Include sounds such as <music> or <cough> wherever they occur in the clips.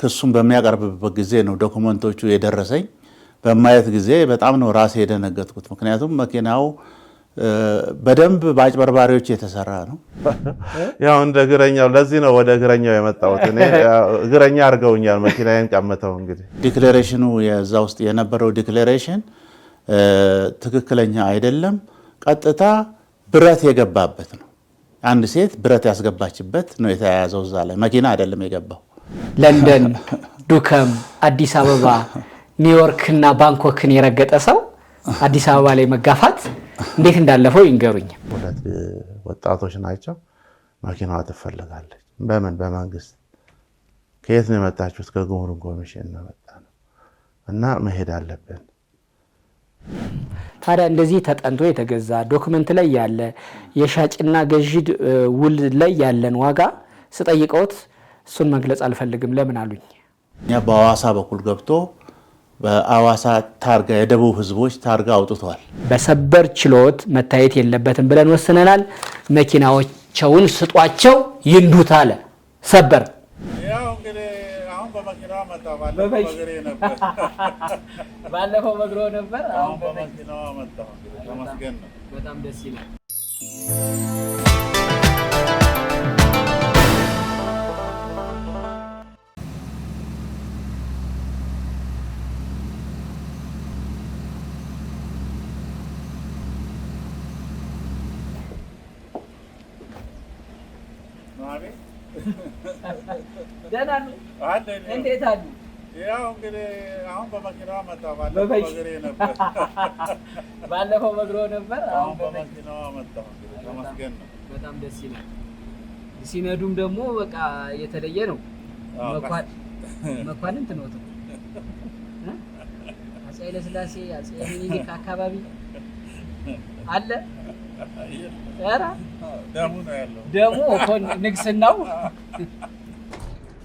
ክሱን በሚያቀርብበት ጊዜ ነው ዶክመንቶቹ የደረሰኝ። በማየት ጊዜ በጣም ነው ራሴ የደነገጥኩት። ምክንያቱም መኪናው በደንብ በአጭበርባሪዎች የተሰራ ነው። <laughs> ያው እንደ እግረኛው፣ ለዚህ ነው ወደ እግረኛው የመጣሁት። እኔ <laughs> እግረኛ አድርገውኛል መኪናዬን ቀምተው። እንግዲህ ዲክሌሬሽኑ የዛ ውስጥ የነበረው ዲክሌሬሽን ትክክለኛ አይደለም። ቀጥታ ብረት የገባበት ነው። አንድ ሴት ብረት ያስገባችበት ነው የተያያዘው። እዛ ላይ መኪና አይደለም የገባው ለንደን፣ ዱከም፣ አዲስ አበባ፣ ኒውዮርክ እና ባንኮክን የረገጠ ሰው አዲስ አበባ ላይ መጋፋት እንዴት እንዳለፈው ይንገሩኝ። ሁለት ወጣቶች ናቸው። መኪናዋ ትፈልጋለች። በምን በመንግስት ከየት ነው የመጣችሁት? ከጉምሩክ ኮሚሽን ነው መጣ ነው እና መሄድ አለብን። ታዲያ እንደዚህ ተጠንቶ የተገዛ ዶክመንት ላይ ያለ የሻጭና ገዢ ውል ላይ ያለን ዋጋ ስጠይቀውት እሱን መግለጽ አልፈልግም ለምን አሉኝ። እኛ በአዋሳ በኩል ገብቶ በአዋሳ ታርጋ የደቡብ ህዝቦች ታርጋ አውጥቷል። በሰበር ችሎት መታየት የለበትም ብለን ወስነናል። መኪናዎቸውን ስጧቸው ይንዱት አለ ሰበር ባለፈው መግሮ <laughs> ነበር። አሁን በመኪናዋ መጣሁ። በጣም ደስ ይላል። እንዴት አሉ? ያው እንግዲህ አሁን በመኪናዋ መጣ። <laughs> ባለፈው በእግሮ ነበር፣ አሁን በመኪናዋ መጣ። ተመስገን ነው። በጣም ደስ ይላል። ሲነዱም ደግሞ በቃ የተለየ ነው። መኳንንት ነው። አፄ ኃይለሥላሴ አፄ ሚኒሊክ አካባቢ አለ ደሙ ነው ያለው። ደሙ ንግስናው <laughs>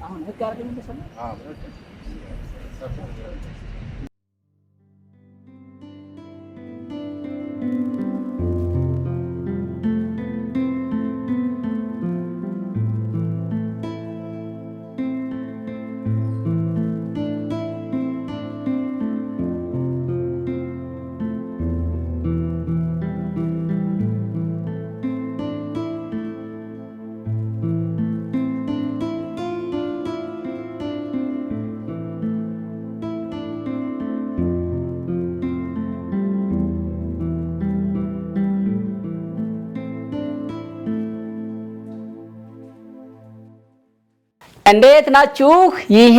Ah, no, es que Ah, እንዴት ናችሁ? ይሄ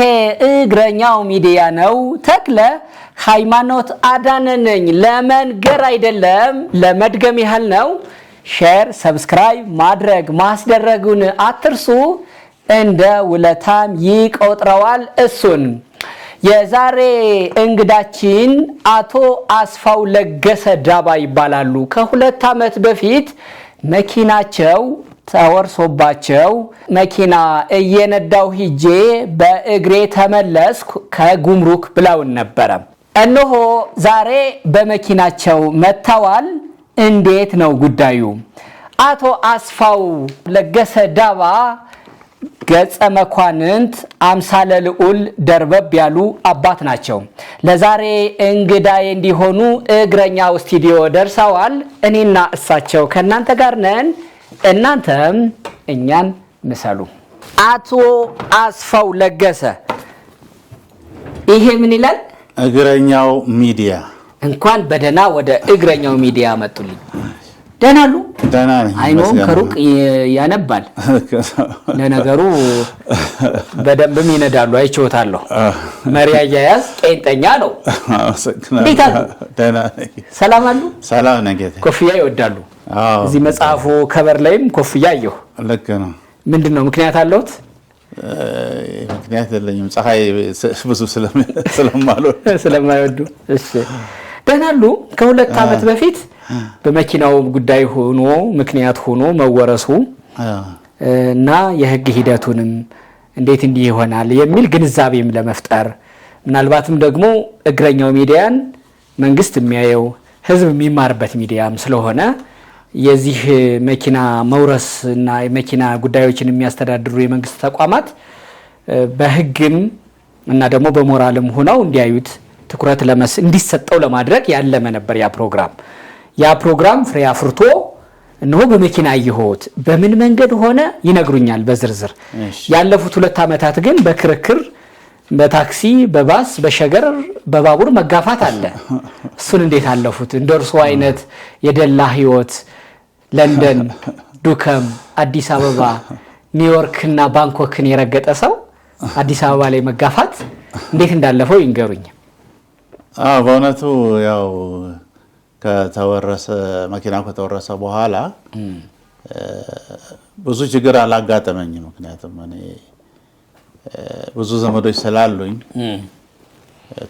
እግረኛው ሚዲያ ነው። ተክለ ሃይማኖት አዳነ ነኝ። ለመንገር አይደለም ለመድገም ያህል ነው። ሼር፣ ሰብስክራይብ ማድረግ ማስደረጉን አትርሱ። እንደ ውለታም ይቆጥረዋል እሱን። የዛሬ እንግዳችን አቶ አስፋው ለገሰ ዳባ ይባላሉ። ከሁለት ዓመት በፊት መኪናቸው ተወርሶባቸው መኪና እየነዳው ሂጄ በእግሬ ተመለስኩ ከጉምሩክ ብለውን ነበረ። እነሆ ዛሬ በመኪናቸው መጥተዋል። እንዴት ነው ጉዳዩ? አቶ አስፋው ለገሰ ዳባ ገጸ መኳንንት አምሳለ ልዑል ደርበብ ያሉ አባት ናቸው። ለዛሬ እንግዳዬ እንዲሆኑ እግረኛው ስቱዲዮ ደርሰዋል። እኔና እሳቸው ከእናንተ ጋር ነን። እናንተም እኛን ምሰሉ። አቶ አስፋው ለገሰ ይሄ ምን ይላል? እግረኛው ሚዲያ እንኳን በደህና ወደ እግረኛው ሚዲያ መጡልኝ። ደህና አሉ? ደህና ነኝ። አይኖም ከሩቅ ያነባል። ለነገሩ በደንብም ይነዳሉ፣ አይቼዎታለሁ። መሪ አያያዝ ቄንጠኛ ነው። እንዴት አሉ? ሰላም አሉ? ሰላም ኮፍያ ይወዳሉ? እዚህ መጽሐፉ ከበር ላይም ኮፍያ አየሁ። ልክ ነው። ምንድን ነው ምክንያት አለሁት? ምክንያት የለኝም። ፀሐይ ብዙ <laughs> ስለማይወዱ። ደህና አሉ። ከሁለት ዓመት በፊት በመኪናው ጉዳይ ሆኖ ምክንያት ሆኖ መወረሱ እና የህግ ሂደቱንም እንዴት እንዲህ ይሆናል የሚል ግንዛቤም ለመፍጠር ምናልባትም ደግሞ እግረኛው ሚዲያን መንግስት የሚያየው ህዝብ የሚማርበት ሚዲያም ስለሆነ የዚህ መኪና መውረስ እና የመኪና ጉዳዮችን የሚያስተዳድሩ የመንግስት ተቋማት በህግም እና ደግሞ በሞራልም ሆነው እንዲያዩት ትኩረት ለመስ እንዲሰጠው ለማድረግ ያለመ ነበር ያ ፕሮግራም። ያ ፕሮግራም ፍሬ አፍርቶ እነሆ በመኪና አየሁት። በምን መንገድ ሆነ ይነግሩኛል በዝርዝር። ያለፉት ሁለት ዓመታት ግን በክርክር በታክሲ በባስ በሸገር በባቡር መጋፋት አለ። እሱን እንዴት አለፉት? እንደ እርሱ አይነት የደላ ህይወት ለንደን፣ ዱከም፣ አዲስ አበባ፣ ኒውዮርክ እና ባንኮክን የረገጠ ሰው አዲስ አበባ ላይ መጋፋት እንዴት እንዳለፈው ይንገሩኝ። በእውነቱ ያው ከተወረሰ መኪናው ከተወረሰ በኋላ ብዙ ችግር አላጋጠመኝም። ምክንያቱም እኔ ብዙ ዘመዶች ስላሉኝ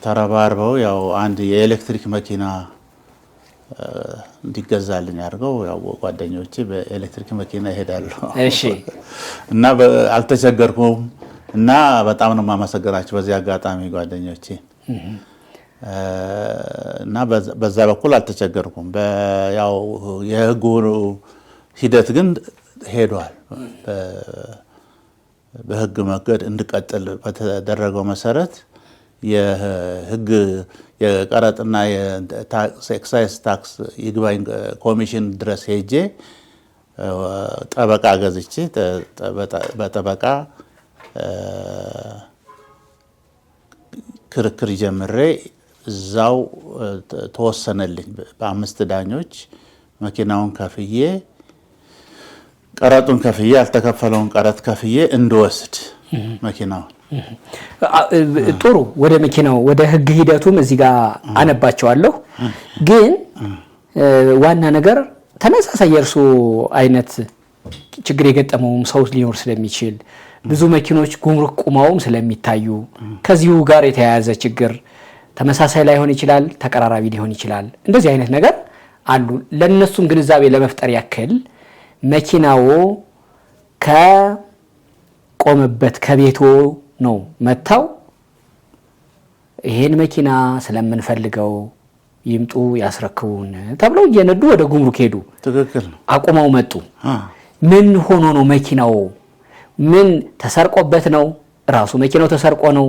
ተረባርበው ያው አንድ የኤሌክትሪክ መኪና እንዲገዛልኝ አድርገው ያው ጓደኞቼ በኤሌክትሪክ መኪና ይሄዳሉ እና አልተቸገርኩም። እና በጣም ነው የማመሰግናቸው በዚህ አጋጣሚ ጓደኞቼ እና በዛ በኩል አልተቸገርኩም። ያው የህጉ ሂደት ግን ሄዷል። በህግ መንገድ እንድቀጥል በተደረገው መሰረት የህግ የቀረጥና ኤክሳይዝ ታክስ ይግባኝ ኮሚሽን ድረስ ሄጄ ጠበቃ ገዝቼ በጠበቃ ክርክር ጀምሬ እዛው ተወሰነልኝ። በአምስት ዳኞች መኪናውን ከፍዬ ቀረጡን ከፍዬ አልተከፈለውን ቀረጥ ከፍዬ እንድወስድ መኪናውን ጥሩ ወደ መኪናው ወደ ህግ ሂደቱም እዚህ ጋር አነባቸዋለሁ። ግን ዋና ነገር ተመሳሳይ የእርሱ አይነት ችግር የገጠመውም ሰው ሊኖር ስለሚችል ብዙ መኪኖች ጉምሩክ ቁመውም ስለሚታዩ ከዚሁ ጋር የተያያዘ ችግር ተመሳሳይ ላይሆን ይችላል፣ ተቀራራቢ ሊሆን ይችላል። እንደዚህ አይነት ነገር አሉ። ለእነሱም ግንዛቤ ለመፍጠር ያክል መኪናው ከቆመበት ከቤቶ ነው መጥተው ይሄን መኪና ስለምንፈልገው ይምጡ ያስረክቡን ተብለው እየነዱ ወደ ጉምሩክ ሄዱ። ትክክል ነው። አቁመው መጡ። ምን ሆኖ ነው መኪናው? ምን ተሰርቆበት ነው? ራሱ መኪናው ተሰርቆ ነው?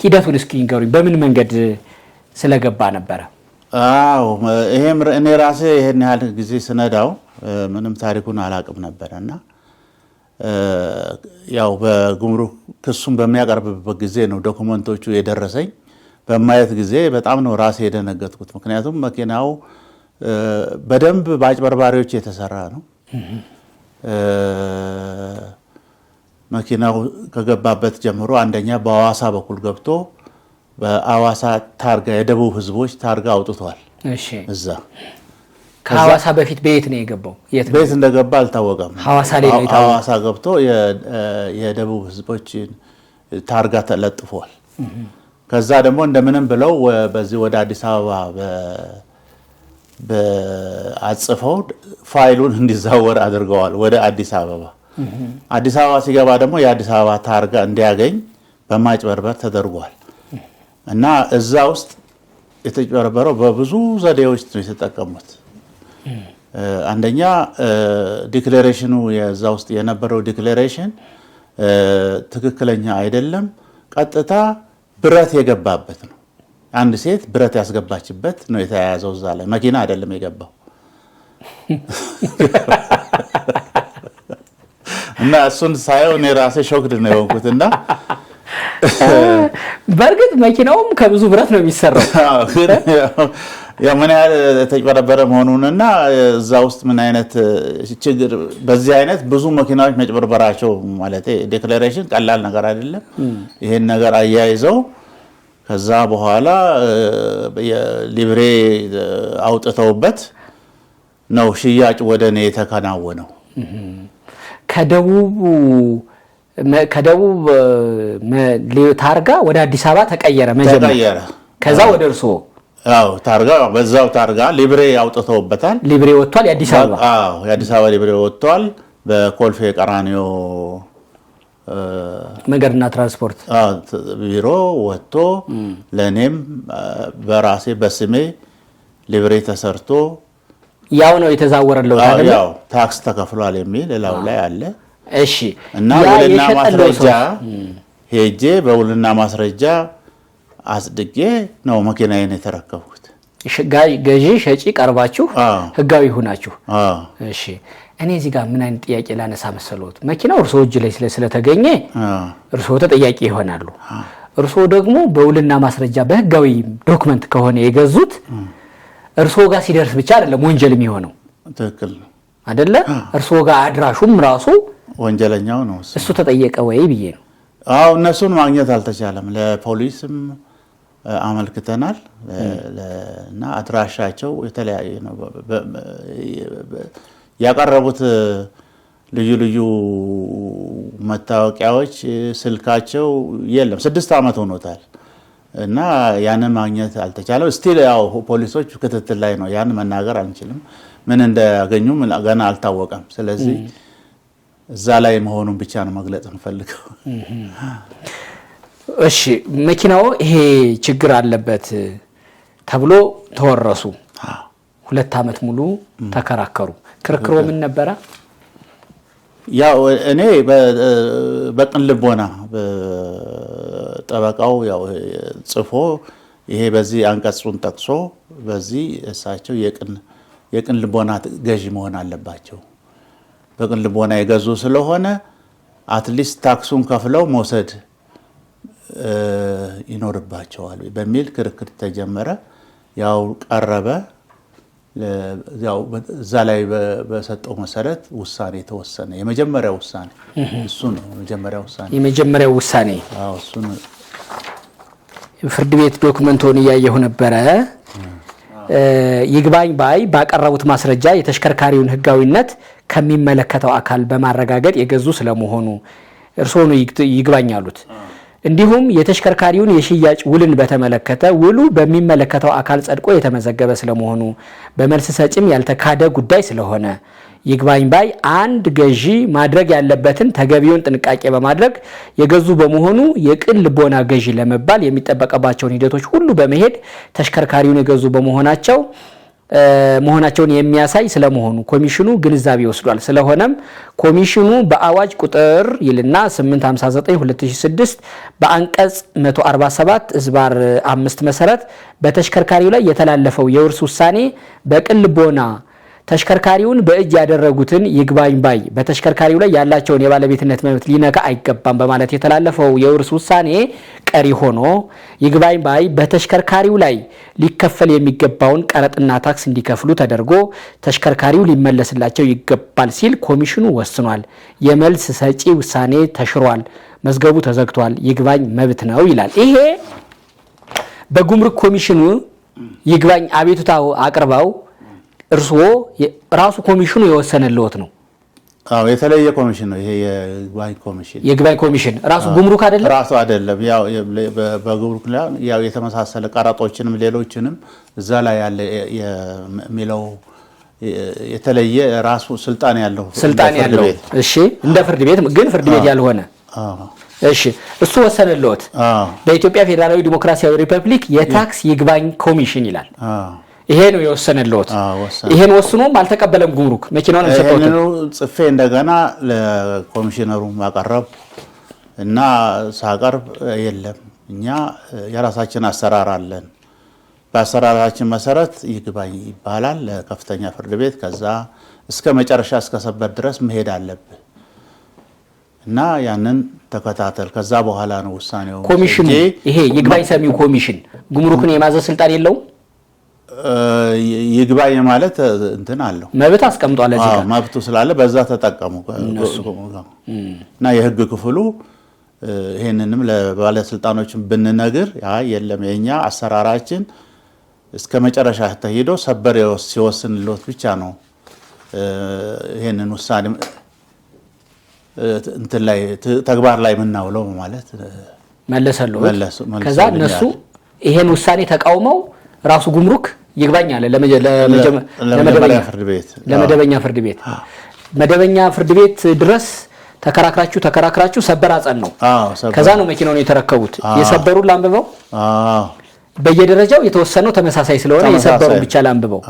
ሂደቱን እስኪ ንገሩኝ። በምን መንገድ ስለገባ ነበረ? አዎ ይሄም እኔ ራሴ ይሄን ያህል ጊዜ ስነዳው ምንም ታሪኩን አላቅም ነበረ እና ያው በጉምሩክ ክሱን በሚያቀርብበት ጊዜ ነው ዶክመንቶቹ የደረሰኝ። በማየት ጊዜ በጣም ነው ራሴ የደነገጥኩት። ምክንያቱም መኪናው በደንብ በአጭበርባሪዎች የተሰራ ነው። መኪናው ከገባበት ጀምሮ አንደኛ በአዋሳ በኩል ገብቶ በአዋሳ ታርጋ የደቡብ ህዝቦች ታርጋ አውጥቷል እዛ ከሐዋሳ በፊት በየት ነው የገባው? በየት እንደገባ አልታወቀም። ሐዋሳ ላይ ነው ሐዋሳ ገብቶ የደቡብ ህዝቦችን ታርጋ ተለጥፏል። ከዛ ደግሞ እንደምንም ብለው በዚህ ወደ አዲስ አበባ አጽፈው ፋይሉን እንዲዛወር አድርገዋል ወደ አዲስ አበባ። አዲስ አበባ ሲገባ ደግሞ የአዲስ አበባ ታርጋ እንዲያገኝ በማጭበርበር ተደርጓል እና እዛ ውስጥ የተጭበረበረው በብዙ ዘዴዎች ነው የተጠቀሙት። አንደኛ ዲክሌሬሽኑ የዛ ውስጥ የነበረው ዲክሌሬሽን ትክክለኛ አይደለም። ቀጥታ ብረት የገባበት ነው። አንድ ሴት ብረት ያስገባችበት ነው የተያያዘው። እዛ ላይ መኪና አይደለም የገባው <laughs> እና እሱን ሳየው እኔ ራሴ ሾክድ ነው የሆንኩት። እና በእርግጥ መኪናውም ከብዙ ብረት ነው የሚሰራው ያው ምን ያህል የተጭበረበረ መሆኑንና እዛ ውስጥ ምን አይነት ችግር በዚህ አይነት ብዙ መኪናዎች መጭበርበራቸው ማለት ዴክሌሬሽን ቀላል ነገር አይደለም። ይህን ነገር አያይዘው ከዛ በኋላ ሊብሬ አውጥተውበት ነው ሽያጭ ወደ እኔ የተከናወነው። ከደቡብ ታርጋ ወደ አዲስ አበባ ተቀየረ መጀመሪያ፣ ከዛ ወደ እርስዎ አዎ ታርጋ በዛው ታርጋ ሊብሬ አውጥተውበታል። ሊብሬ ወጥቷል። የአዲስ አበባ አዎ የአዲስ አበባ ሊብሬ ወጥቷል። በኮልፌ ቀራኒዮ መንገድና ትራንስፖርት ቢሮ ወጥቶ ለእኔም በራሴ በስሜ ሊብሬ ተሰርቶ ያው ነው የተዛወረለው። ያው ታክስ ተከፍሏል የሚል እላው ላይ አለ። እሺ እና ውልና ማስረጃ ሄጄ በውልና ማስረጃ አጽድጌ ነው መኪናዬን የተረከብኩት። ገዢ ሸጪ ቀርባችሁ ህጋዊ ሁናችሁ። እሺ እኔ እዚህ ጋር ምን አይነት ጥያቄ ላነሳ መሰለት? መኪናው እርሶ እጅ ላይ ስለተገኘ እርሶ ተጠያቂ ይሆናሉ። እርሶ ደግሞ በውልና ማስረጃ በህጋዊ ዶክመንት ከሆነ የገዙት እርሶ ጋር ሲደርስ ብቻ አይደለም ወንጀል የሚሆነው ትክክል አደለ? እርሶ ጋር አድራሹም ራሱ ወንጀለኛው ነው። እሱ ተጠየቀ ወይ ብዬ ነው። አዎ እነሱን ማግኘት አልተቻለም ለፖሊስም አመልክተናል እና አድራሻቸው የተለያየ ነው። ያቀረቡት ልዩ ልዩ መታወቂያዎች ስልካቸው የለም። ስድስት ዓመት ሆኖታል እና ያንን ማግኘት አልተቻለም። ስቲል ያው ፖሊሶች ክትትል ላይ ነው። ያን መናገር አንችልም። ምን እንዳያገኙም ገና አልታወቀም። ስለዚህ እዛ ላይ መሆኑን ብቻ ነው መግለጽ እንፈልገው። እሺ መኪናው ይሄ ችግር አለበት ተብሎ ተወረሱ። ሁለት ዓመት ሙሉ ተከራከሩ። ክርክሮ ምን ነበረ? ያው እኔ በቅን ልቦና ጠበቃው ያው ጽፎ ይሄ በዚህ አንቀጹን ጠቅሶ በዚህ እሳቸው የቅን ልቦና ገዢ መሆን አለባቸው። በቅን ልቦና የገዙ ስለሆነ አትሊስት ታክሱን ከፍለው መውሰድ ይኖርባቸዋል በሚል ክርክር ተጀመረ። ያው ቀረበ። እዛ ላይ በሰጠው መሰረት ውሳኔ የተወሰነ የመጀመሪያ ውሳኔ እሱ ነው። ውሳኔ ፍርድ ቤት ዶክመንቶን እያየሁ ነበረ። ይግባኝ ባይ ባቀረቡት ማስረጃ የተሽከርካሪውን ሕጋዊነት ከሚመለከተው አካል በማረጋገጥ የገዙ ስለመሆኑ እርስዎ ነው ይግባኝ አሉት። እንዲሁም የተሽከርካሪውን የሽያጭ ውልን በተመለከተ ውሉ በሚመለከተው አካል ጸድቆ የተመዘገበ ስለመሆኑ በመልስ ሰጭም ያልተካደ ጉዳይ ስለሆነ ይግባኝ ባይ አንድ ገዢ ማድረግ ያለበትን ተገቢውን ጥንቃቄ በማድረግ የገዙ በመሆኑ የቅን ልቦና ገዢ ለመባል የሚጠበቅባቸውን ሂደቶች ሁሉ በመሄድ ተሽከርካሪውን የገዙ በመሆናቸው መሆናቸውን የሚያሳይ ስለመሆኑ ኮሚሽኑ ግንዛቤ ወስዷል። ስለሆነም ኮሚሽኑ በአዋጅ ቁጥር ይልና 859/2006 በአንቀጽ 147 ዝባር 5 መሰረት በተሽከርካሪው ላይ የተላለፈው የውርስ ውሳኔ በቅን ልቦና ተሽከርካሪውን በእጅ ያደረጉትን ይግባኝ ባይ በተሽከርካሪው ላይ ያላቸውን የባለቤትነት መብት ሊነካ አይገባም በማለት የተላለፈው የውርስ ውሳኔ ቀሪ ሆኖ ይግባኝ ባይ በተሽከርካሪው ላይ ሊከፈል የሚገባውን ቀረጥና ታክስ እንዲከፍሉ ተደርጎ ተሽከርካሪው ሊመለስላቸው ይገባል ሲል ኮሚሽኑ ወስኗል። የመልስ ሰጪ ውሳኔ ተሽሯል፣ መዝገቡ ተዘግቷል፣ ይግባኝ መብት ነው ይላል። ይሄ በጉምሩክ ኮሚሽኑ ይግባኝ አቤቱታ አቅርበው እርስዎ ራሱ ኮሚሽኑ የወሰነልዎት ነው? አዎ የተለየ ኮሚሽን ነው ይሄ የይግባኝ ኮሚሽን የይግባኝ ኮሚሽን ራሱ ጉምሩክ አይደለም ራሱ አይደለም ያው በጉምሩክ ላይ ያው የተመሳሰለ ቀረጦችንም ሌሎችንም እዛ ላይ ያለ የሚለው የተለየ ራሱ ስልጣን ያለው ስልጣን ያለው እሺ እንደ ፍርድ ቤት ግን ፍርድ ቤት ያልሆነ እሺ እሱ ወሰነልዎት በኢትዮጵያ ፌዴራላዊ ዲሞክራሲያዊ ሪፐብሊክ የታክስ ይግባኝ ኮሚሽን ይላል አዎ ይሄ ነው የወሰነልዎት። ይሄን ወስኖም አልተቀበለም ጉምሩክ መኪናውን ሰጠሁት። ጽፌ እንደገና ለኮሚሽነሩ ማቀረብ እና ሳቀርብ የለም እኛ የራሳችን አሰራር አለን፣ በአሰራራችን መሰረት ይግባኝ ይባላል ለከፍተኛ ፍርድ ቤት። ከዛ እስከ መጨረሻ እስከ ሰበር ድረስ መሄድ አለብህ እና ያንን ተከታተል። ከዛ በኋላ ነው ውሳኔው። ኮሚሽኑ ይሄ ይግባኝ ሰሚው ኮሚሽን ጉምሩክን የማዘዝ ስልጣን የለውም። ይግባኝ ማለት እንትን አለው መብት አስቀምጧል። መብቱ ስላለ በዛ ተጠቀሙ እና የህግ ክፍሉ ይህንንም ለባለስልጣኖችን ብንነግር የለም የእኛ አሰራራችን እስከ መጨረሻ ተሄዶ ሰበር ሲወስንልዎት ብቻ ነው ይህንን ውሳኔ እንትን ላይ ተግባር ላይ የምናውለው ማለት መለሰሉ። ከዛ እነሱ ይሄን ውሳኔ ተቃውመው ራሱ ጉምሩክ ይግባኝ አለ ለመደበኛ ፍርድ ቤት። መደበኛ ፍርድ ቤት ድረስ ተከራክራችሁ ተከራክራችሁ ሰበር አጸን ነው። ከዛ ነው ነው የተረከቡት። የሰበሩን ላንብበው፣ በየደረጃው የተወሰነው ተመሳሳይ ስለሆነ የሰበሩን ብቻ ላንብበው።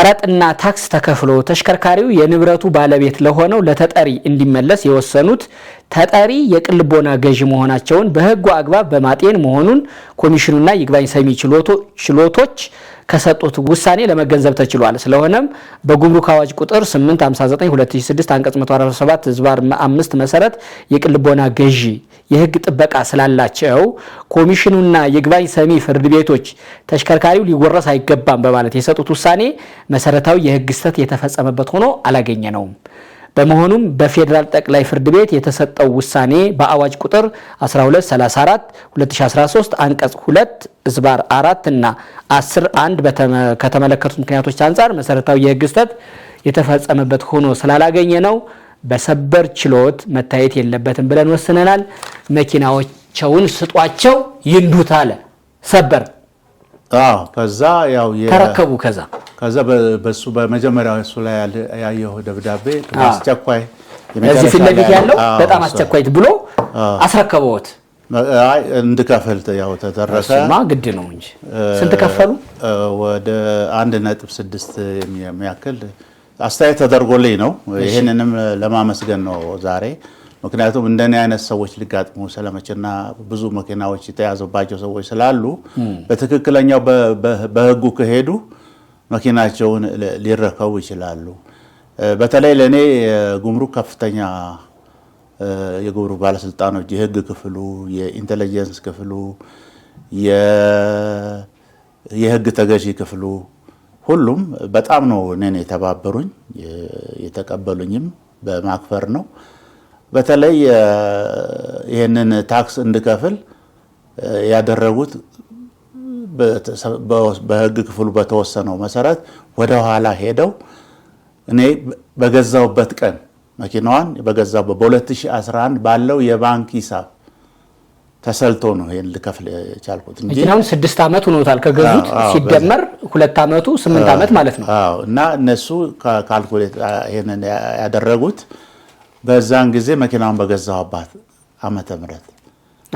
ቀረጥና ታክስ ተከፍሎ ተሽከርካሪው የንብረቱ ባለቤት ለሆነው ለተጠሪ እንዲመለስ የወሰኑት ተጠሪ የቅልቦና ገዢ መሆናቸውን በሕጉ አግባብ በማጤን መሆኑን ኮሚሽኑና ይግባኝ ሰሚ ችሎቶች ከሰጡት ውሳኔ ለመገንዘብ ተችሏል። ስለሆነም በጉምሩክ አዋጅ ቁጥር 859 2006 አንቀጽ 147 ዝባር 5 መሰረት የቅልቦና ገዢ የህግ ጥበቃ ስላላቸው ኮሚሽኑና የግባኝ ሰሚ ፍርድ ቤቶች ተሽከርካሪው ሊወረስ አይገባም በማለት የሰጡት ውሳኔ መሰረታዊ የህግ ስህተት የተፈጸመበት ሆኖ አላገኘ ነውም። በመሆኑም በፌዴራል ጠቅላይ ፍርድ ቤት የተሰጠው ውሳኔ በአዋጅ ቁጥር 1234 2013 አንቀጽ 2 ዝባር 4 እና 10 1 ከተመለከቱት ምክንያቶች አንጻር መሰረታዊ የህግ ስህተት የተፈጸመበት ሆኖ ስላላገኘ ነው በሰበር ችሎት መታየት የለበትም ብለን ወስነናል። መኪናዎቸውን ስጧቸው ይንዱት አለ ሰበር። አዎ ከዛ ያው ተረከቡ። ከዛ ከዛ በሱ በመጀመሪያው እሱ ላይ ያየው ደብዳቤ አስቸኳይ እዚህ ፊት ለፊት ያለው በጣም አስቸኳይ ብሎ አስረከበዎት። አይ እንድከፍል ያው ተደረሰ። እሱማ ግድ ነው እንጂ ስንት ከፈሉ? ወደ አንድ ነጥብ ስድስት የሚያክል አስተያየት ተደርጎልኝ ነው። ይህንንም ለማመስገን ነው ዛሬ። ምክንያቱም እንደኔ አይነት ሰዎች ሊጋጥሙ ስለመችና ብዙ መኪናዎች የተያዙባቸው ሰዎች ስላሉ በትክክለኛው በህጉ ከሄዱ መኪናቸውን ሊረከቡ ይችላሉ። በተለይ ለእኔ ጉምሩክ ከፍተኛ የጉምሩክ ባለስልጣኖች የህግ ክፍሉ፣ የኢንቴሊጀንስ ክፍሉ፣ የህግ ተገዢ ክፍሉ ሁሉም በጣም ነው እኔን የተባበሩኝ የተቀበሉኝም በማክበር ነው። በተለይ ይህንን ታክስ እንድከፍል ያደረጉት በህግ ክፍሉ በተወሰነው መሰረት ወደ ኋላ ሄደው እኔ በገዛውበት ቀን መኪናዋን በገዛው በ2011 ባለው የባንክ ሂሳብ ተሰልቶ ነው ይሄን ልከፍል የቻልኩት እንጂ መኪናውን ስድስት ዓመት ሆኖታል ከገዙት ሲደመር ሁለት ዓመቱ ስምንት ዓመት ማለት ነው። አዎ እና እነሱ ካልኩሌት ይሄንን ያደረጉት በዛን ጊዜ መኪናውን በገዛሁባት ዓመተ ምህረት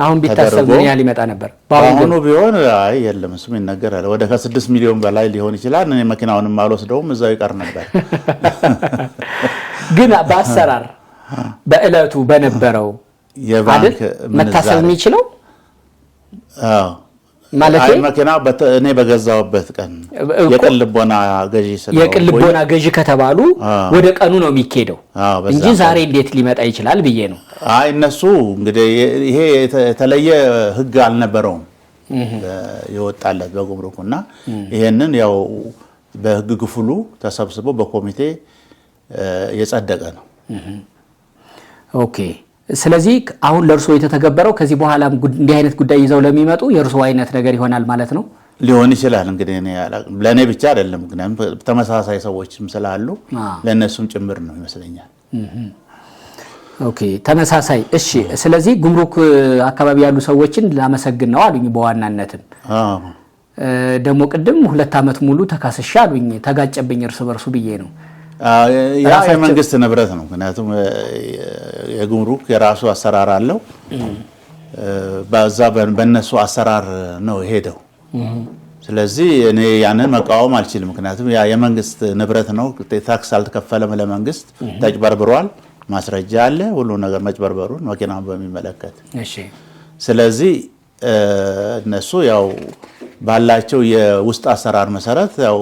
አሁን ቢታሰብ ምን ያህል ይመጣ ነበር? በአሁኑ ቢሆን አይ የለም እሱም ይነገራል ወደ ከስድስት ሚሊዮን በላይ ሊሆን ይችላል። እኔ መኪናውንም አልወስደውም እዛው ይቀር ነበር። <laughs> ግን በአሰራር በእለቱ በነበረው የባንክ መታሰብ የሚችለው ማለት መኪና እኔ በገዛውበት ቀን የቅን ልቦና ገዢ የቅን ልቦና ገዢ ከተባሉ ወደ ቀኑ ነው የሚኬደው እንጂ ዛሬ እንዴት ሊመጣ ይችላል ብዬ ነው። አይ እነሱ እንግዲህ ይሄ የተለየ ህግ አልነበረውም የወጣለት በጉምሩክ እና ይሄንን ያው ክፍሉ ተሰብስቦ በኮሚቴ የጸደቀ ነው። ኦኬ ስለዚህ አሁን ለእርሶ የተተገበረው ከዚህ በኋላ እንዲህ አይነት ጉዳይ ይዘው ለሚመጡ የእርሶ አይነት ነገር ይሆናል ማለት ነው። ሊሆን ይችላል እንግዲህ ለእኔ ብቻ አይደለም፣ ምክንያቱም ተመሳሳይ ሰዎችም ስላሉ ለእነሱም ጭምር ነው ይመስለኛል። ኦኬ ተመሳሳይ። እሺ፣ ስለዚህ ጉምሩክ አካባቢ ያሉ ሰዎችን ላመሰግን ነው አሉኝ። በዋናነትም ደግሞ ቅድም ሁለት ዓመት ሙሉ ተካስሻ አሉኝ፣ ተጋጨብኝ እርስ በርሱ ብዬ ነው የራሱ መንግስት ንብረት ነው። ምክንያቱም የጉምሩክ የራሱ አሰራር አለው። በዛ በእነሱ አሰራር ነው የሄደው። ስለዚህ እኔ ያንን መቃወም አልችልም። ምክንያቱም ያ የመንግስት ንብረት ነው። ታክስ አልተከፈለም ለመንግስት፣ ተጭበርብሯል። ማስረጃ አለ፣ ሁሉ ነገር መጭበርበሩን መኪና በሚመለከት ስለዚህ እነሱ ያው ባላቸው የውስጥ አሰራር መሰረት ያው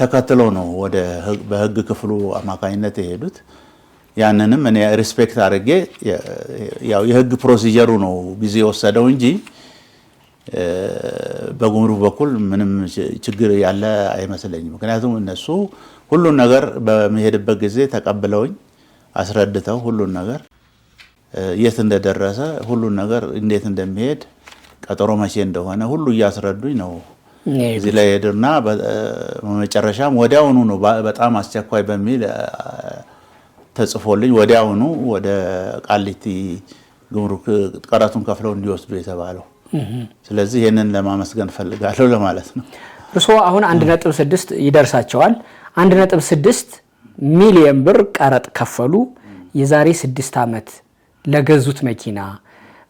ተከትሎ ነው ወደ በህግ ክፍሉ አማካኝነት የሄዱት። ያንንም እኔ ሪስፔክት አድርጌ ያው የህግ ፕሮሲጀሩ ነው ጊዜ የወሰደው እንጂ በጉምሩክ በኩል ምንም ችግር ያለ አይመስለኝም። ምክንያቱም እነሱ ሁሉን ነገር በሚሄድበት ጊዜ ተቀብለውኝ አስረድተው ሁሉን ነገር የት እንደደረሰ ሁሉን ነገር እንዴት እንደሚሄድ ቀጠሮ መቼ እንደሆነ ሁሉ እያስረዱኝ ነው እዚህ ላይ ሄድና መጨረሻም ወዲያውኑ ነው በጣም አስቸኳይ በሚል ተጽፎልኝ ወዲያውኑ ወደ ቃሊቲ ጉምሩክ ቀረቱን ከፍለው እንዲወስዱ የተባለው። ስለዚህ ይህንን ለማመስገን ፈልጋለሁ ለማለት ነው። እርስዎ አሁን አንድ ነጥብ ስድስት ይደርሳቸዋል። አንድ ነጥብ ስድስት ሚሊየን ብር ቀረጥ ከፈሉ። የዛሬ ስድስት ዓመት ለገዙት መኪና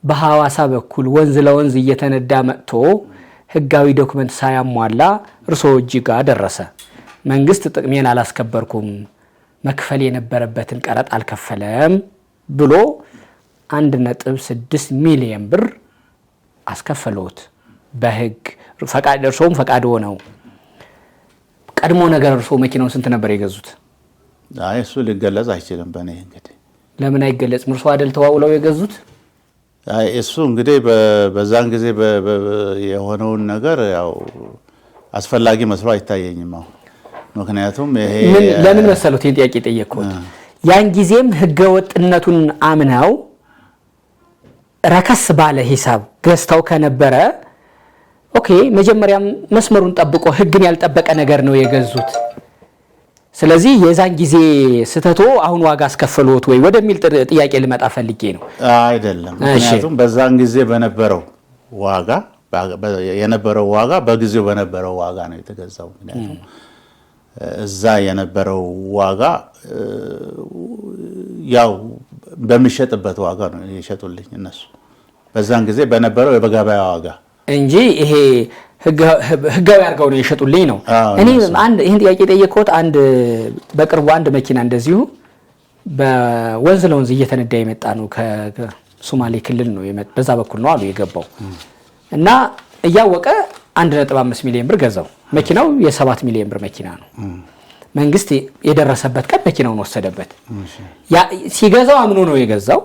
በሐዋሳ በኩል ወንዝ ለወንዝ እየተነዳ መጥቶ ህጋዊ ዶክመንት ሳያሟላ እርስዎ እጅ ጋር ደረሰ። መንግስት ጥቅሜን አላስከበርኩም፣ መክፈል የነበረበትን ቀረጥ አልከፈለም ብሎ አንድ ነጥብ ሚሊየን ብር አስከፈሎት በህግ ፈቃድ፣ ፈቃድ ሆነው ቀድሞ ነገር እርሶ መኪናውን ስንት ነበር የገዙት? እሱ ሊገለጽ አይችልም። በእኔ እንግዲህ ለምን አይገለጽም? እርሶ አይደል ተዋውለው የገዙት? እሱ እንግዲህ በዛን ጊዜ የሆነውን ነገር ያው አስፈላጊ መስሎ አይታየኝም። አሁን ምክንያቱም ይሄ ለምን መሰሉት ይህን ጥያቄ ጠየቅኩት። ያን ጊዜም ህገወጥነቱን አምነው ረከስ ባለ ሂሳብ ገዝተው ከነበረ ኦኬ፣ መጀመሪያም መስመሩን ጠብቆ ህግን ያልጠበቀ ነገር ነው የገዙት። ስለዚህ የዛን ጊዜ ስህተቶ አሁን ዋጋ አስከፈሎት ወይ ወደሚል ጥያቄ ልመጣ ፈልጌ ነው። አይደለም። ምክንያቱም በዛን ጊዜ በነበረው ዋጋ የነበረው ዋጋ በጊዜው በነበረው ዋጋ ነው የተገዛው። ምክንያቱም እዛ የነበረው ዋጋ ያው በሚሸጥበት ዋጋ ነው የሸጡልኝ እነሱ በዛን ጊዜ በነበረው የበገበያ ዋጋ እንጂ ይሄ ህጋዊ አድርገው ነው የሸጡልኝ ነው። እኔ ይህን ጥያቄ የጠየቅኩት አንድ በቅርቡ አንድ መኪና እንደዚሁ በወንዝ ለወንዝ እየተነዳ የመጣ ነው ከሶማሌ ክልል ነው በዛ በኩል ነው አሉ የገባው እና እያወቀ 1.5 ሚሊዮን ብር ገዛው። መኪናው የ7 ሚሊዮን ብር መኪና ነው። መንግስት የደረሰበት ቀን መኪናውን ወሰደበት። ሲገዛው አምኖ ነው የገዛው።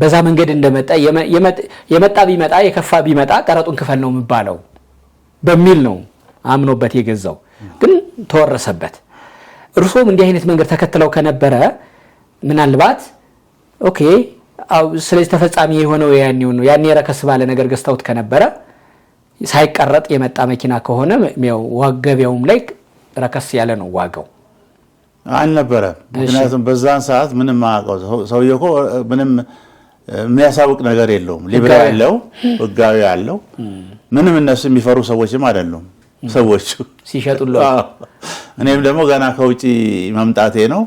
በዛ መንገድ እንደመጣ የመጣ ቢመጣ የከፋ ቢመጣ ቀረጡን ክፈል ነው የሚባለው። በሚል ነው አምኖበት የገዛው፣ ግን ተወረሰበት። እርሶም እንዲህ አይነት መንገድ ተከትለው ከነበረ ምናልባት ኦኬ፣ ስለዚህ ተፈጻሚ የሆነው ያኔው ነው። ያኔ ረከስ ባለ ነገር ገዝተውት ከነበረ ሳይቀረጥ የመጣ መኪና ከሆነ ዋገቢያውም ላይ ረከስ ያለ ነው ዋጋው። አልነበረም። ምክንያቱም በዛን ሰዓት ምንም አያውቀው ሰውዬው እኮ ምንም የሚያሳውቅ ነገር የለውም። ሊብራ ያለው <laughs> ህጋዊ ያለው ምንም እነሱ የሚፈሩ ሰዎችም አይደሉም። ሰዎቹ ሲሸጡ እኔም ደግሞ ገና ከውጭ መምጣቴ ነው።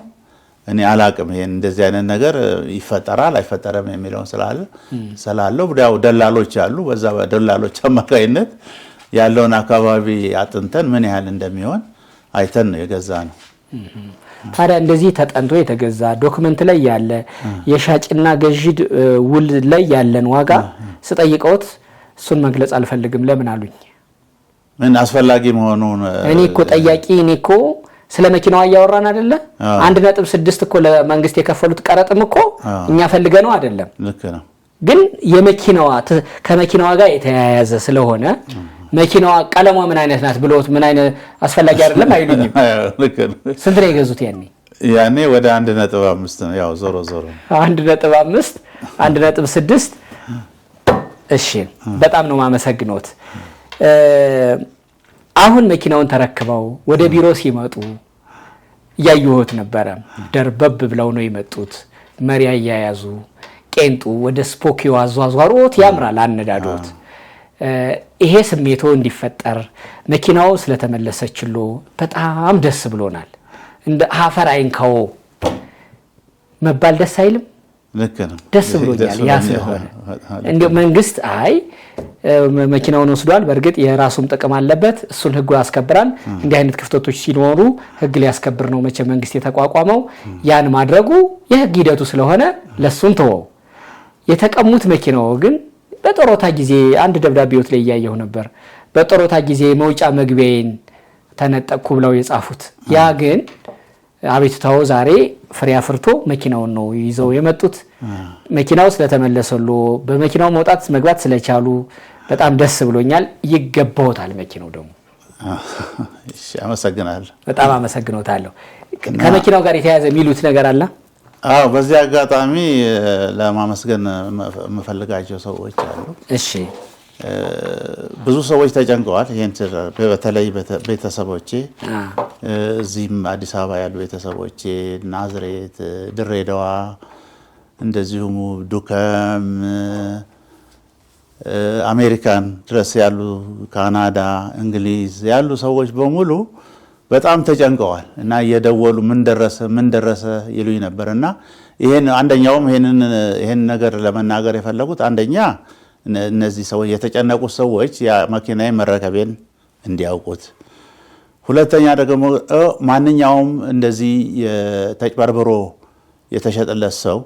እኔ አላቅም ይሄን እንደዚህ አይነት ነገር ይፈጠራል አይፈጠረም የሚለውን ስላለ ስላለው ያው ደላሎች አሉ። በዛ በደላሎች አማካኝነት ያለውን አካባቢ አጥንተን ምን ያህል እንደሚሆን አይተን ነው የገዛ ነው። ታዲያ እንደዚህ ተጠንቶ የተገዛ ዶክመንት ላይ ያለ የሻጭና ገዢ ውል ላይ ያለን ዋጋ ስጠይቀውት እሱን መግለጽ አልፈልግም ለምን አሉኝ። ምን አስፈላጊ መሆኑን እኔ እኮ ጠያቂ እኔ እኮ ስለ መኪናዋ እያወራን አይደለ? አንድ ነጥብ ስድስት እኮ ለመንግስት የከፈሉት ቀረጥም እኮ እኛ ፈልገ ነው አይደለም። ግን የመኪናዋ ከመኪናዋ ጋር የተያያዘ ስለሆነ መኪናዋ ቀለሟ ምን አይነት ናት ብሎት ምን አይነት አስፈላጊ አይደለም አይሉኝም። <laughs> ስንት ነው የገዙት ያኔ? ያኔ ወደ አንድ ነጥብ አምስት ነው ያው ዞሮ ዞሮ አንድ ነጥብ አምስት አንድ ነጥብ ስድስት እሺ፣ በጣም ነው ማመሰግኖት። አሁን መኪናውን ተረክበው ወደ ቢሮ ሲመጡ እያየሁት ነበረ። ደርበብ ብለው ነው የመጡት። መሪያ እያያዙ ቄንጡ ወደ ስፖኪዮ አዟዟሮት ያምራል አነዳዶት ይሄ ስሜቶ እንዲፈጠር መኪናው ስለተመለሰችሎ በጣም ደስ ብሎናል። እንደ አፈር አይንካው መባል ደስ አይልም? ደስ ብሎኛል። ያ ስለሆነ እንዲያው መንግስት አይ መኪናውን ወስዷል። በእርግጥ የራሱም ጥቅም አለበት፣ እሱን ህጉ ያስከብራል። እንዲህ አይነት ክፍተቶች ሲኖሩ ህግ ሊያስከብር ነው መቼ መንግስት የተቋቋመው። ያን ማድረጉ የህግ ሂደቱ ስለሆነ ለእሱን ተወው። የተቀሙት መኪናው ግን በጥሮታ ጊዜ አንድ ደብዳቤዎት ላይ እያየሁ ነበር። በጥሮታ ጊዜ መውጫ መግቢያዬን ተነጠቅኩ ብለው የጻፉት ያ ግን አቤቱታው ዛሬ ፍሬ አፍርቶ መኪናውን ነው ይዘው የመጡት። መኪናው ስለተመለሰሉ በመኪናው መውጣት መግባት ስለቻሉ በጣም ደስ ብሎኛል። ይገባውታል መኪናው ደግሞ አመሰግናለሁ። በጣም አመሰግኖታለሁ። ከመኪናው ጋር የተያያዘ የሚሉት ነገር አለ። አዎ በዚህ አጋጣሚ ለማመስገን የምፈልጋቸው ሰዎች አሉ። እሺ ብዙ ሰዎች ተጨንቀዋል። ይህን በተለይ ቤተሰቦቼ እዚህም አዲስ አበባ ያሉ ቤተሰቦቼ፣ ናዝሬት፣ ድሬዳዋ እንደዚሁም ዱከም፣ አሜሪካን ድረስ ያሉ ካናዳ፣ እንግሊዝ ያሉ ሰዎች በሙሉ በጣም ተጨንቀዋል እና እየደወሉ ምን ደረሰ ምን ደረሰ ይሉኝ ነበር እና ይሄን አንደኛውም ይሄን ነገር ለመናገር የፈለጉት አንደኛ እነዚህ ሰዎች የተጨነቁት ሰዎች መኪናዬ መረከቤን እንዲያውቁት፣ ሁለተኛ ደግሞ ማንኛውም እንደዚህ ተጭበርብሮ የተሸጠለት ሰው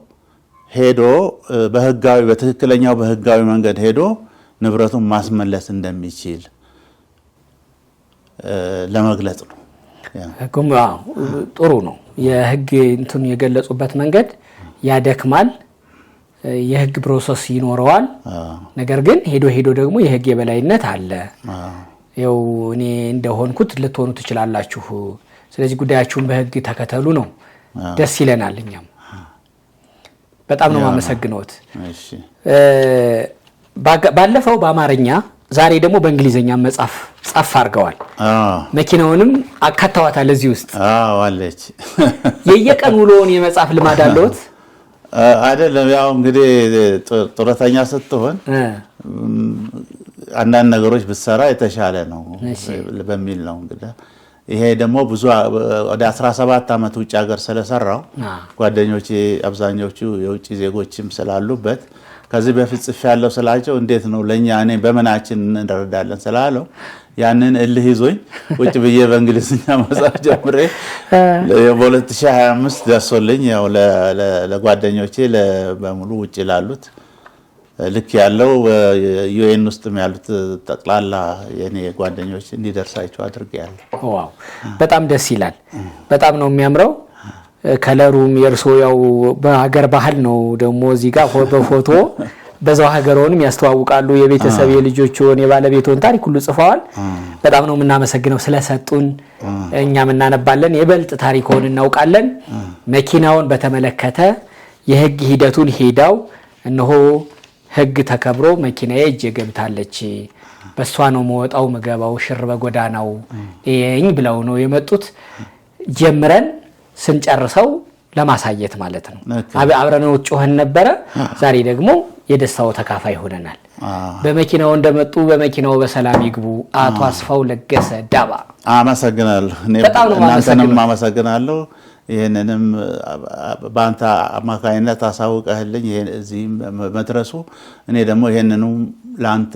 ሄዶ በህጋዊ በትክክለኛው በህጋዊ መንገድ ሄዶ ንብረቱን ማስመለስ እንደሚችል ለመግለጽ ነው። ጥሩ ነው። የህግ እንትን የገለጹበት መንገድ ያደክማል፣ የህግ ፕሮሰስ ይኖረዋል። ነገር ግን ሄዶ ሄዶ ደግሞ የህግ የበላይነት አለ። ያው እኔ እንደሆንኩት ልትሆኑ ትችላላችሁ፣ ስለዚህ ጉዳያችሁን በህግ ተከተሉ ነው። ደስ ይለናል። እኛም በጣም ነው ማመሰግነዎት። ባለፈው በአማርኛ ዛሬ ደግሞ በእንግሊዝኛ መጽሐፍ ጻፍ አድርገዋል። መኪናውንም አካተዋታል እዚህ ውስጥ አለች። <laughs> የየቀን ውሎውን የመጽሐፍ ልማድ አለውት አይደለም ያው እንግዲህ ጡረተኛ ስትሆን አንዳንድ ነገሮች ብትሰራ የተሻለ ነው በሚል ነው እንግዲህ ይሄ ደግሞ ብዙ ወደ 17 ዓመት ውጭ ሀገር ስለሰራው ጓደኞቼ አብዛኞቹ የውጭ ዜጎችም ስላሉበት ከዚህ በፊት ጽፌ ያለው ስላቸው እንዴት ነው ለእኛ እኔ በምናችን እንረዳለን ስላለው ያንን እልህ ይዞኝ ውጭ ብዬ በእንግሊዝኛ መጽሐፍ ጀምሬ በ2025 ደርሶልኝ ያው ለጓደኞቼ በሙሉ ውጭ ላሉት ልክ ያለው ዩኤን ውስጥም ያሉት ጠቅላላ የኔ ጓደኞች እንዲደርሳቸው አድርጌያለሁ። በጣም ደስ ይላል። በጣም ነው የሚያምረው። ከለሩም የእርሶ ያው በሀገር ባህል ነው። ደግሞ እዚህ ጋር በፎቶ በዛው ሀገረውንም ያስተዋውቃሉ። የቤተሰብ የልጆችን የባለቤቶን ታሪክ ሁሉ ጽፈዋል። በጣም ነው የምናመሰግነው ስለሰጡን። እኛም እናነባለን፣ የበልጥ ታሪኮን እናውቃለን። መኪናውን በተመለከተ የህግ ሂደቱን ሄዳው እነሆ ህግ ተከብሮ መኪናዬ እጄ ገብታለች፣ በእሷ ነው መወጣው ምገባው፣ ሽር በጎዳናው ይኝ ብለው ነው የመጡት ጀምረን ስንጨርሰው ለማሳየት ማለት ነው። አብረን ጮኸን ነበረ። ዛሬ ደግሞ የደስታው ተካፋይ ሆነናል። በመኪናው እንደመጡ በመኪናው በሰላም ይግቡ። አቶ አስፋው ለገሰ ዳባ አመሰግናለሁ። እናንተንም አመሰግናለሁ። ይህንንም በአንተ አማካኝነት አሳውቀህልኝ እዚህም መድረሱ እኔ ደግሞ ይህንኑ ለአንተ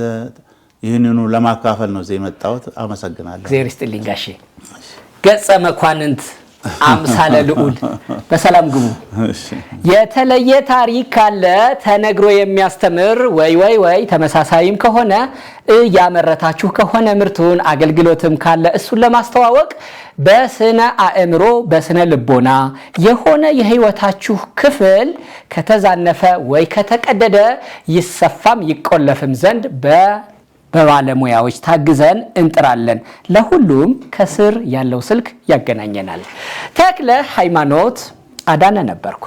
ይህንኑ ለማካፈል ነው እዚህ የመጣሁት። አመሰግናለሁ። እግዜር ይስጥልኝ ጋሼ ገጸ መኳንንት አምሳለ ልዑል በሰላም ግቡ። የተለየ ታሪክ ካለ ተነግሮ የሚያስተምር ወይ ወይ ወይ ተመሳሳይም ከሆነ እያመረታችሁ ከሆነ ምርቱን አገልግሎትም ካለ እሱን ለማስተዋወቅ በስነ አእምሮ በስነ ልቦና የሆነ የህይወታችሁ ክፍል ከተዛነፈ ወይ ከተቀደደ ይሰፋም ይቆለፍም ዘንድ በ በባለሙያዎች ታግዘን እንጥራለን። ለሁሉም ከስር ያለው ስልክ ያገናኘናል። ተክለ ሃይማኖት አዳነ ነበርኩ።